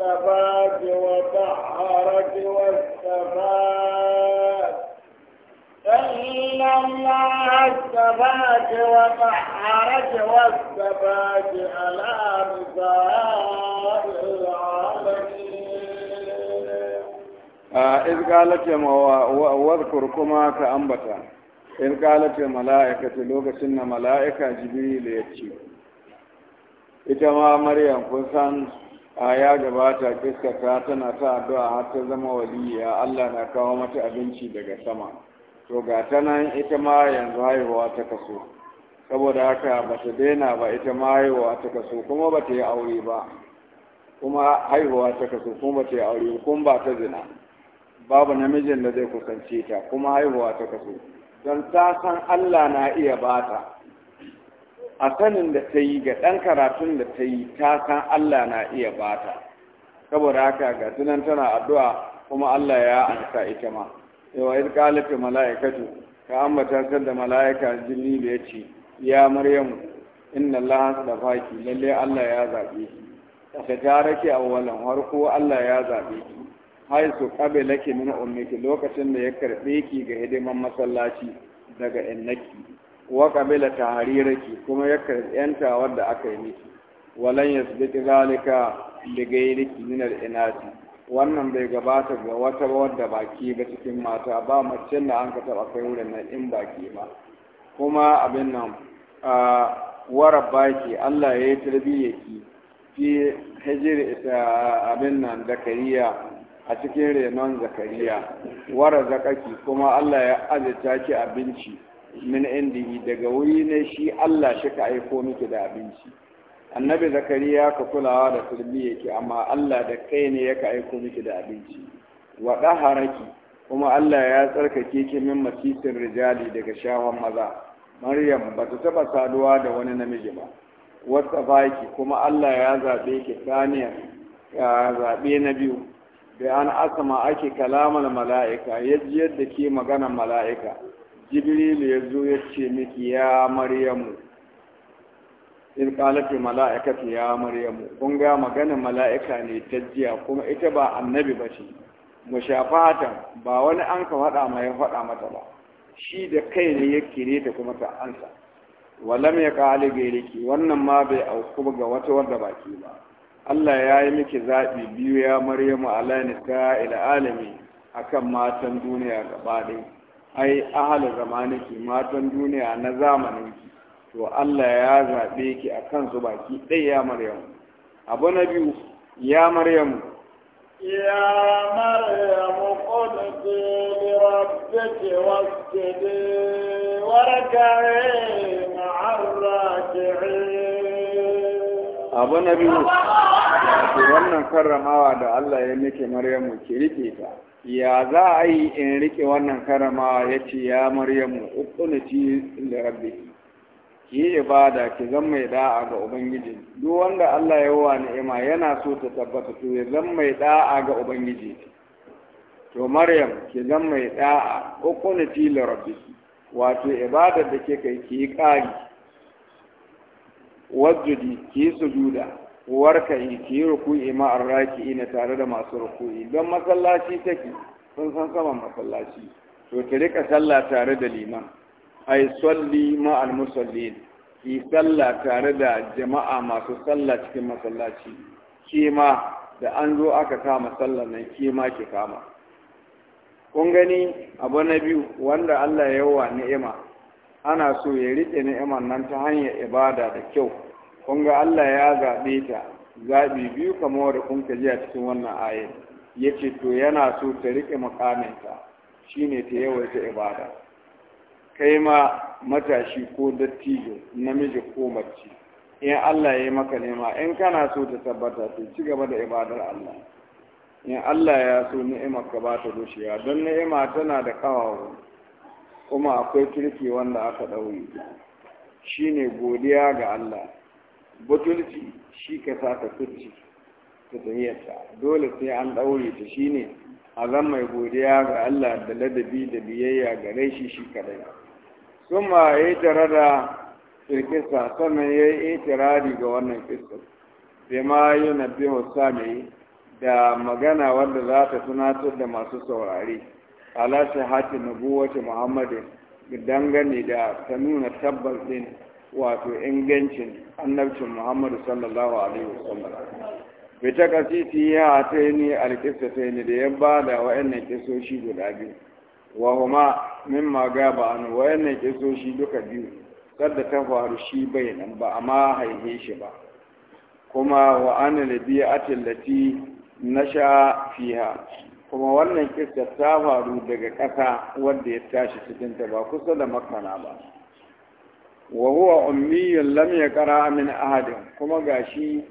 اصطفاك وطهرك واصطفاك إن الله اصطفاك وطهرك واصطفاك على نساء العالمين iz qalata wadhkur kuma ka ambata iz qalata mala'ikatu lokacin da mala'ika jibril ya ce ita ma maryam kun san a ya gabata kiskata tana ta addu'a har ta zama waliya Allah na kawo mata abinci daga sama to ga ta nan ita ma yanzu haihuwa ta kaso saboda haka ba ta daina ba ita ma haihuwa ta kaso kuma ba ta yi aure ba kuma haihuwa ta kaso kuma ba ta yi aure kuma ba ta zina babu namijin da zai kusance ta kuma haihuwa ta kaso don ta san Allah na iya ba ta? a sanin da ta yi ga ɗan karatun da ta yi ta san Allah na iya ba ta? saboda haka ga tunan tana addu'a kuma Allah ya ansa ita ma yawa iz qalatu malaikatu ka ambata sar da malaika jinni da ya ce. ya maryam inna da faki lalle Allah ya zabe ki ta tarake awwalan harko Allah ya zabe ki haisu kabe nake min ummiki lokacin da ya karbe ki ga hidiman masallaci daga innaki wa kabila ki? kuma ya karbe yanta wanda aka yi miki walan yasbiqi zalika bi ghayriki min al-inati wannan bai gabata ga wata wadda baki ba cikin mata ba mace da an ka taba kai wurin nan in baki ba kuma abin nan a warar baki Allah ya yi tarbiyyaki fi hijir abin nan kariya a cikin renon zakariya wara zakaki kuma Allah ya azurta ki abinci min indihi daga wuri ne shi Allah shi ka aiko miki da abinci annabi zakariya ka kulawa da turmi yake amma Allah da kai ne ya ka aiko miki da abinci wa daharaki kuma Allah ya tsarkake ki min masisin rijali daga shawan maza maryam ba ta taba saduwa da wani namiji ba wata baki kuma Allah ya zabe ki saniya zaɓe na biyu da an asama ake kalaman mala'ika ya ji yadda ke magana mala'ika jibrilu ya zo ya ce miki ya maryamu in kalafi mala'ikatu ya maryamu kun ga maganin mala'ika ne ta jiya kuma ita ba annabi ba ce mushafatan ba wani an ka faɗa ma ya faɗa mata ba shi da kai ne ya kire ta kuma ta ansa walam ya ƙali gairiki wannan ma bai auku ga wata wadda baki ba Allah ya yi miki zaɓi biyu ya maryamu ala nisa ila alami akan matan duniya gaba ɗaya ai ahal zamaniki matan duniya na zamaninki to Allah ya zaɓe ki kan su baki ɗaya ya maryamu abu na biyu ya maryamu Ya يا مريم قلتي لربك واسجدي وركعي مع Abu na biyu. to wannan karramawa da Allah ya nike Maryamu ki rike ta ya za a yi in rike wannan karramawa ya ce ya Maryamu ci da rabbi ki yi ibada ki zan mai da'a ga ubangiji duk wanda Allah ya wa ni'ima yana so ta tabbata to ya zan mai da'a ga ubangiji to Maryam ki zan mai da'a ci da rabbi wato ibada da kike kai ki yi kari wajudi ki yi sujuda warka yi ki yi ruku'i a raki na tare da masu ruku'i don masallaci take sun san saman masallaci to ki rika sallah tare da liman ai salli ma al ki sallah tare da jama'a masu sallah cikin masallaci ki ma da an zo aka kama sallar nan ki ma ki kama kun gani abu na biyu wanda Allah ya yawa ni'ima ana so ya rike ni'imar nan ta hanyar ibada da kyau kun ga Allah ya zaɓe ta zaɓi biyu kamar da kun ka ji a cikin wannan ayat ya ce to yana so ta riƙe makaminta shine ta yawaita ibada kai ma matashi ko dattijo namiji ko mace in Allah ya yi maka nema in kana so ta tabbata to ci gaba da ibadar Allah in Allah ya so ni'imar ka ba ta gushewa don ni'ima tana da kawawa kuma akwai kirki wanda aka ɗauri shine godiya ga Allah butulci shi ka sa ta ta dole sai an ɗaure ta shi ne a zan mai godiya ga Allah da ladabi da biyayya gare shi shi kadai sun ma ya yi tare da kirkisa sannan ya yi itirari ga wannan kirkisa sai ma yi na biyu sami da magana wanda za ta tunatar da masu saurari ala shahati Muhammadu, muhammadin dangane da ta nuna tabbas din wato ingancin annabcin muhammadu sallallahu alaihi wasallam bai ta kasiti ya ta yi ne alkista ta ni da ya ba da wa'annan kisoshi guda biyu wa kuma min ma gaba an wa'annan kisoshi duka biyu sadda ta faru shi bai nan ba amma haihe shi ba kuma wa ana labiya atillati nasha fiha kuma wannan kista ta faru daga ƙasa wanda ya tashi cikinta ba kusa da makana ba wa huwa ummiyun lam yaqra min ahadin kuma gashi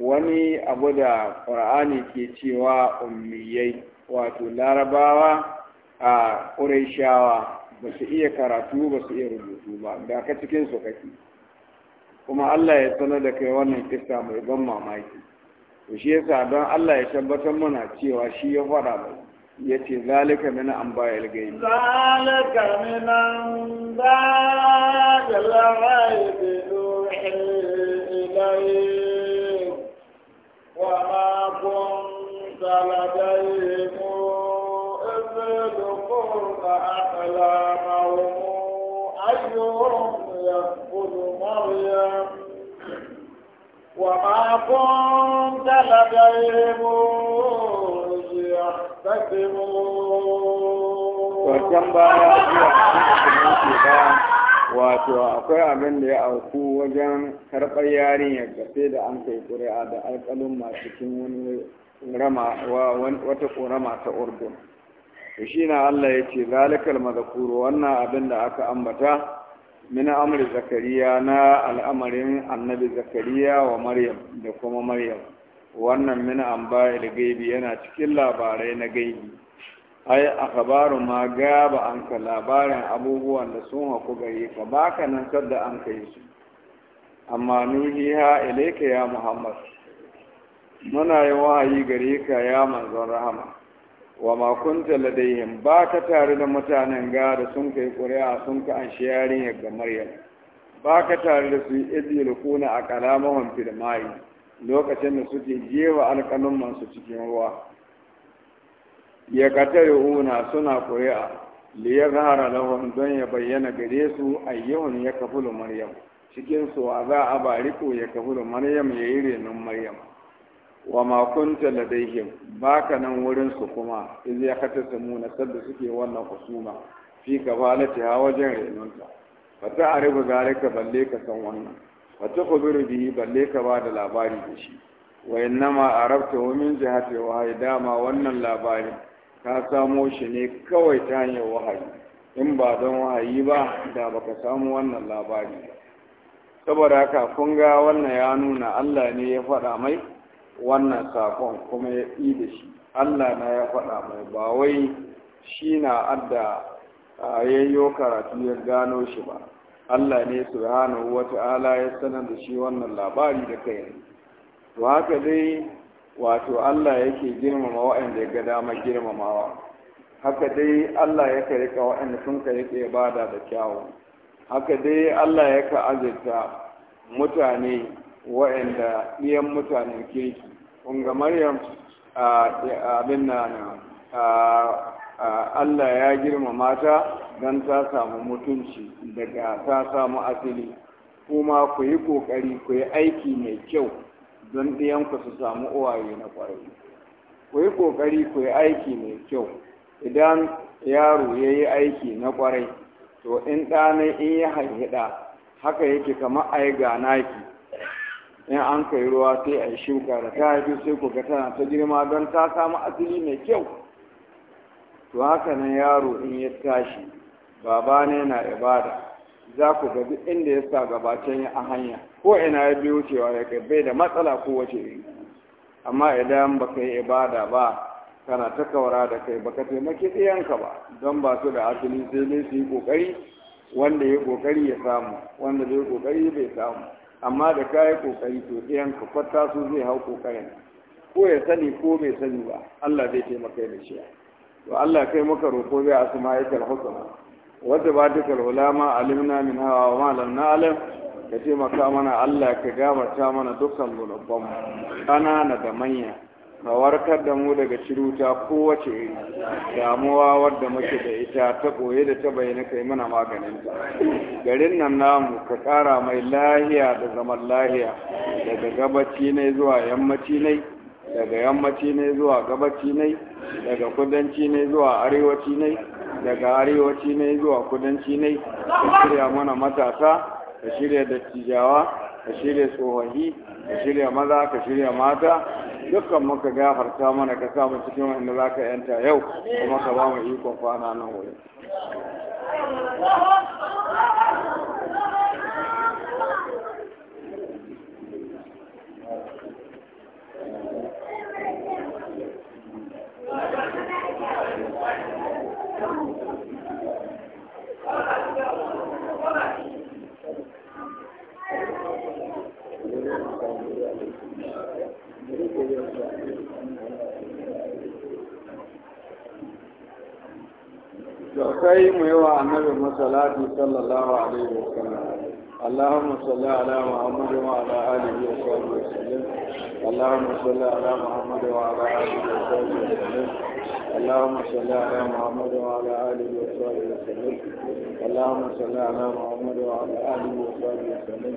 wani abu da qur'ani ke cewa ummiyai wato larabawa a quraishawa ba su iya karatu ba su iya rubutu ba da ka cikin su kake kuma Allah ya sanar da kai wannan kissa mai ban mamaki to shi yasa don Allah ya tabbatar mana cewa shi ya fara mai يتي ذلك من أنباء الغيب ذلك من أنباء الغيب نوحي إليه وما كنت لديهم إذ ذكرت أحلامهم أيهم يقبل مريم وما كنت لديهم Wancan baya zuwa cikin ba wato akwai abin da ya auku wajen karɓar yarinyar gafe da an kai ƙuri'a da alƙalin masu cikin wani rama wata ƙorama ta urdun to shi na Allah ya ce zalikal mazakuru wannan abin da aka ambata min amri zakariya na al'amarin annabi zakariya wa maryam da kuma maryam wannan min da gaibi yana cikin labarai na gaibi ai kabaru ma gaba an ka labarin abubuwan da sun haku gari ka baka nan da an kai su amma nuhiha ka ya muhammad muna yi wahayi gare ka ya manzon rahama wa ma kunta ladaihim ba ka tare da mutanen gada sun kai ƙuri'a sun ka an shi yarinyar ga maryam ba ka tare da su idil kuna a kalamahun filmai lokacin da suke jewa alƙanun su cikin ruwa ya una suna ƙuri'a liyar rara lahun don ya bayyana gare su ayyuhun ya kafulu maryam cikin su a za a bariko ya kafulu maryam ya yi renon maryam wa ma kunta ladaihim baka nan wurin su kuma In ya kata su muna sadda suke wannan kusuma fi kafalati ha wajen renonta fata arifu zalika balle ka san wannan fa tukhbiru bihi balle ka ba da labari da shi wa ma arabta wa min jihati wahayi dama wannan labarin ka samo shi ne kawai ta hanyar wahayi in ba don wahayi ba da baka samu wannan labari ba saboda haka kun ga wannan ya nuna Allah ne ya faɗa mai wannan sakon kuma ya yi da shi Allah na ya faɗa mai ba wai shi na adda yayyo karatu ya gano shi ba Allah ne subhanahu wata'ala ya sanar da shi wannan labari da kai to haka dai wato Allah yake girmama waɗanda ya ga dama girmamawa haka dai Allah ya ka waɗanda sun ka ibada da kyawu haka dai Allah ya ka azurta mutane waɗanda iyan mutanen kirki kun ga Maryam abin nan Allah ya girmamata mata don ta samu mutunci daga ta samu asali kuma ku yi ƙoƙari ku yi aiki mai kyau don ɗiyanku su samu uwaye na ƙwarai ku yi ƙoƙari ku yi aiki mai kyau idan yaro ya yi aiki na ƙwarai to in ɗanai in ya haihiɗa haka yake kamar ai gana naki in an kai ruwa sai a yi shuka da ta haifi sai ku ga tana ta girma don ta samu asali mai kyau to haka nan yaro in ya tashi baba ne na ibada za ku ga duk inda yasa sa gabacin ya a hanya ko ina ya biyo cewa ya kai bai da matsala ko wace amma idan ba ka yi ibada ba kana ta kawara da kai ba ka taimaki ɗiyanka ba don ba su da asali sai dai su yi ƙoƙari wanda ya ƙoƙari ya samu wanda bai ƙoƙari bai samu amma da ka yi ƙoƙari to ɗiyanka kwata su zai hau ƙoƙarin ko ya sani ko bai sani ba allah zai taimaka da shi to Allah kai maka roƙo bi asma'ikal husna wadda ba dukal ulama alimna min hawa wa lam na'lam ka taimaka mana Allah ka gamarta mana dukkan mu ƙanana da manya ka warkar da mu daga ciruta kowace iri damuwa wadda muke da ita ta koye da ta bayyana kai mana maganinta garin nan namu ka kara mai lahiya da zaman lahiya daga gabaci ne zuwa yammaci ne daga yammaci ne zuwa gabaci ne daga kudanci ne zuwa arewaci ne daga arewaci ne zuwa kudanci ne ka shirya mana matasa ka shirya dattijawa ka shirya tsohahi ka shirya maza ka shirya mata dukkan muka gafarta mana ka samu cikin wanda za ka yanta yau kuma ka ba mu ikon kwana nan wuri da kai mu صلى الله عليه وسلم اللهم صل على محمد وعلى اله وصحبه وسلم اللهم صل على محمد وعلى اله وصحبه وسلم اللهم صل على محمد وعلى اله وصحبه وسلم اللهم صل على محمد وعلى اله وصحبه وسلم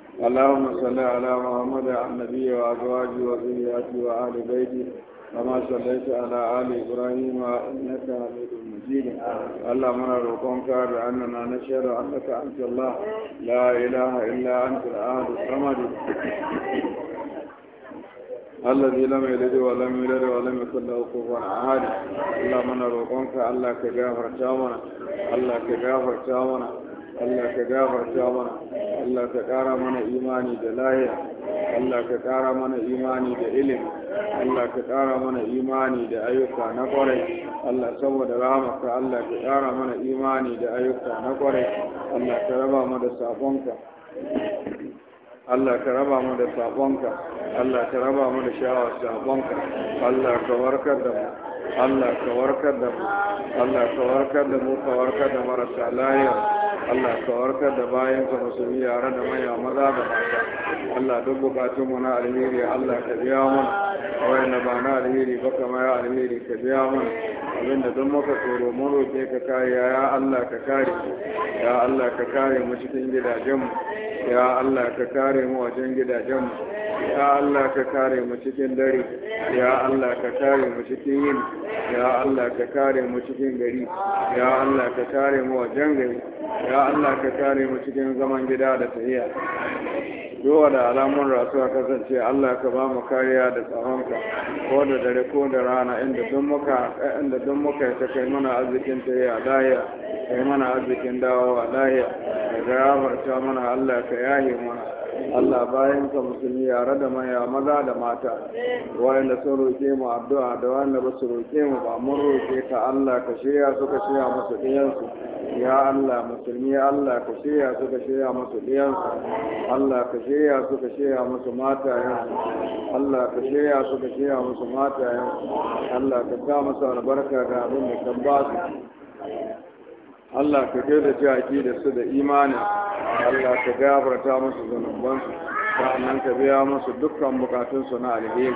اللهم صل على محمد النبي وأزواجه وذريته وآل بيته كما صليت على آل إبراهيم إنك حميد مجيد اللهم نرقمك بأننا نشهد أنك أنت الله لا إله إلا أنت الأحد الصمد الذي لم يلد ولم يولد ولم يكن له كفوا أحد اللهم نرقمك الله كجافر تامنا الله كجافر تامنا Allah ka gafarta mana Allah ka ƙara mana imani da lahiya Allah ka ƙara mana imani da ilimi Allah ka ƙara mana imani da ayyuka na kwarai Allah saboda rahamarka Allah ka ƙara mana imani da ayyuka na kwarai Allah ka raba mu da sabonka Allah ka raba mu da sabonka Allah ka raba mu da sha'awar sabonka Allah ka warkar da mu Allah ka warkar da mu Allah ka warkar da mu ka warkar da marasa lafiya Allah ka warkar da bayan ka musulmi yare da maya maza da mata Allah duk bukatun mu na alheri Allah ka biya mu wayan ba na alheri ba kama ya alheri ka biya mu abinda duk muka tsoro mu roƙe ka kare ya Allah ka kare ya Allah ka kare mu cikin gidajen mu ya Allah ka kare mu wajen gidajen mu ya Allah ka kare mu cikin dare ya Allah ka kare mu cikin yin ya Allah ka kare mu cikin gari ya Allah ka kare mu wajen gari ya Allah ka kare mu cikin zaman gida da tsayiya Dowa da alamun rasuwa kasance Allah ka ba mu kariya da tsawonka ko da dare ko da rana inda don muka inda don muka ta kai mana arzikin ta ya lahiya kai mana arzikin dawowa lahiya ka gafarta mana Allah ka yaye mana Allah bayan ka musulmi yare da maya maza da mata wayanda sun roƙe mu addu'a da wayanda ba su roƙe mu ba mun roƙe ka Allah ka shirya su ka shirya musu ɗiyansu ya Allah musulmi Allah ka shirya su ka shirya musu ɗiyansu Allah ka shirya su ka shirya musu matayensu Allah ka shirya su ka shirya musu matayensu Allah ka sa musu albarka ga abin da ka ba su Allah ka gaida jaki da su da imanin Allah ka gafarta musu zanubansu sannan ka biya musu dukkan bukatunsu na alheri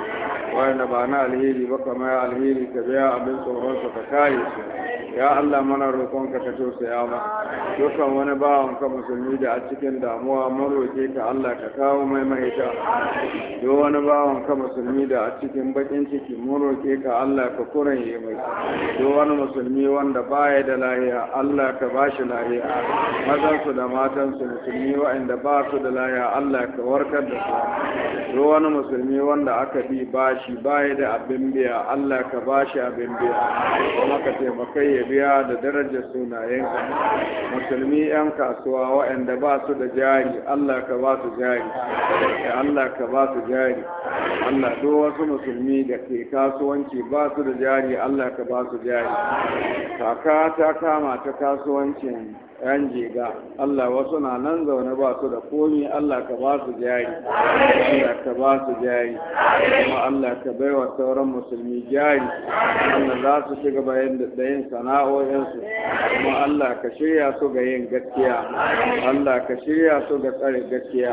wanda ba na alheri ba kamar alheri ka biya abin tsoronsu ka kare su ya Allah mana roƙon ka ka ya ba dukkan wani bawan ka musulmi da a cikin damuwa maroke ka Allah ka kawo mai ta duk wani bawan ka musulmi da a cikin bakin ciki maroke ka Allah ka kuran yi mai duk wani musulmi wanda baya da lahiya Allah ka ba shi lahiya mazansu da matansu musulmi waɗanda ba su da lahiya Allah ka war warkar da su ko wani musulmi wanda aka bi bashi baya da abin biya Allah ka bashi abin biya kuma ka taimakai ya biya da darajar sunayenka musulmi yan kasuwa waɗanda ba su da jari Allah ka ba su jari Allah ka ba su jari Allah duk wasu musulmi da ke kasuwanci ba su da jari Allah ka ba su jari kaka ta kama ta kasuwancin yan jiga. Allah wasu na nan zaune ba su da komi Allah ka ba su jari Allah ka ba su jari kuma Allah ka bai wa sauran musulmi jari wanda za su ci gaba da yin sana'o'insu kuma Allah ka shirya su ga yin gaskiya Allah ka shirya su ga tsare gaskiya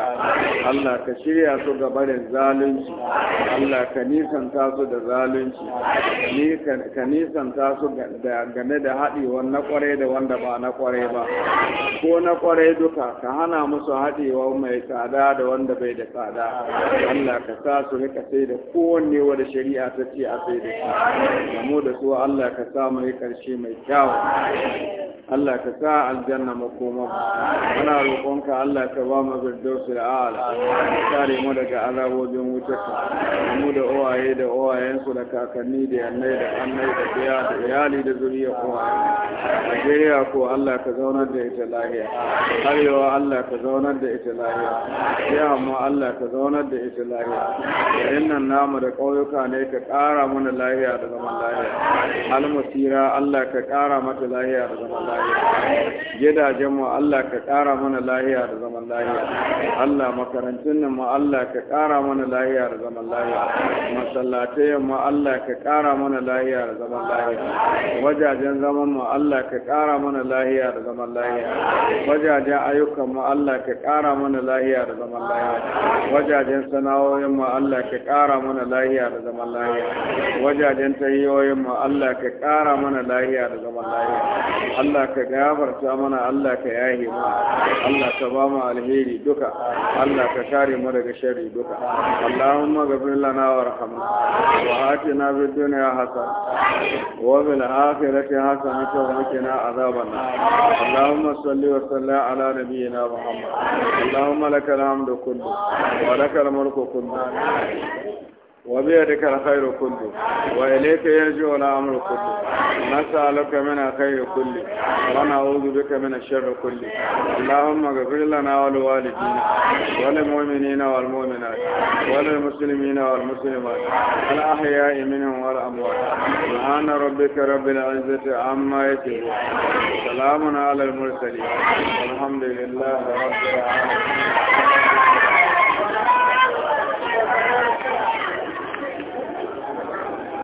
Allah ka shirya su ga barin zalunci Allah ka nisanta su da zalunci ka nisanta su game da haɗewa na kwarai da wanda ba na kwarai ba ko na kwarai duka ka hana musu haɗewa mai tsada da wanda bai da tsada Allah ka sa su rika sai da kowanne wanda shari'a ta ce a sai da shi da mu da su Allah ka sa mu yi karshe mai kyawu Allah ka sa aljanna makoma muna roƙonka Allah ka ba mu firdausul a'la kare mu daga azabobin wutarka mu da uwaye da owayensu da kakanni da yannai da annai da biya da iyali da zuriya kowa Najeriya ko Allah ka zauna zaunar da ita lahiya arewa Allah ka zaunar da ita lahiya ya Allah ka zaunar da ita lahiya garin namu da ƙauyuka ne ka ƙara mana lahiya da zaman lahiya basira Allah ka ƙara mata lahiya da zaman lahiya gidajen mu Allah ka ƙara mana lahiya da zaman lahiya Allah makarantun nan mu Allah ka ƙara mana lahiya da zaman lahiya masallatai mu Allah ka ƙara mana lahiya da zaman lahiya wajajen zaman mu Allah ka ƙara mana lahiya da zaman lahiya wajajen ayyukan mu Allah ka ƙara mana lahiya da zaman lahiya wajajen sana'o'in mu Allah ka ƙara mana lahiya da zaman lahiya wajajen tayyoyin mu Allah ka ƙara Kara mana lahiya da zaman lahiya Allah ka gafarta mana Allah ka yahe mana Allah ka ba mu alheri duka Allah ka kare mu daga sharri duka Allahumma ghfir lana warhamna wa atina fid dunya hasana wa fil akhirati hasana wa qina adhaban Allahumma salli wa sallim ala nabiyyina Muhammad Allahumma lakal hamdu kullu wa lakal mulku kullu وبيدك الخير كله وإليك يرجع الأمر كله نسألك من الخير كله ونعوذ بك من الشر كله اللهم اغفر لنا ولوالدينا وللمؤمنين والمؤمنات وللمسلمين والمسلمات الأحياء منهم والأموات سبحان ربك رب العزة عما يصفون سلام على المرسلين والحمد لله رب العالمين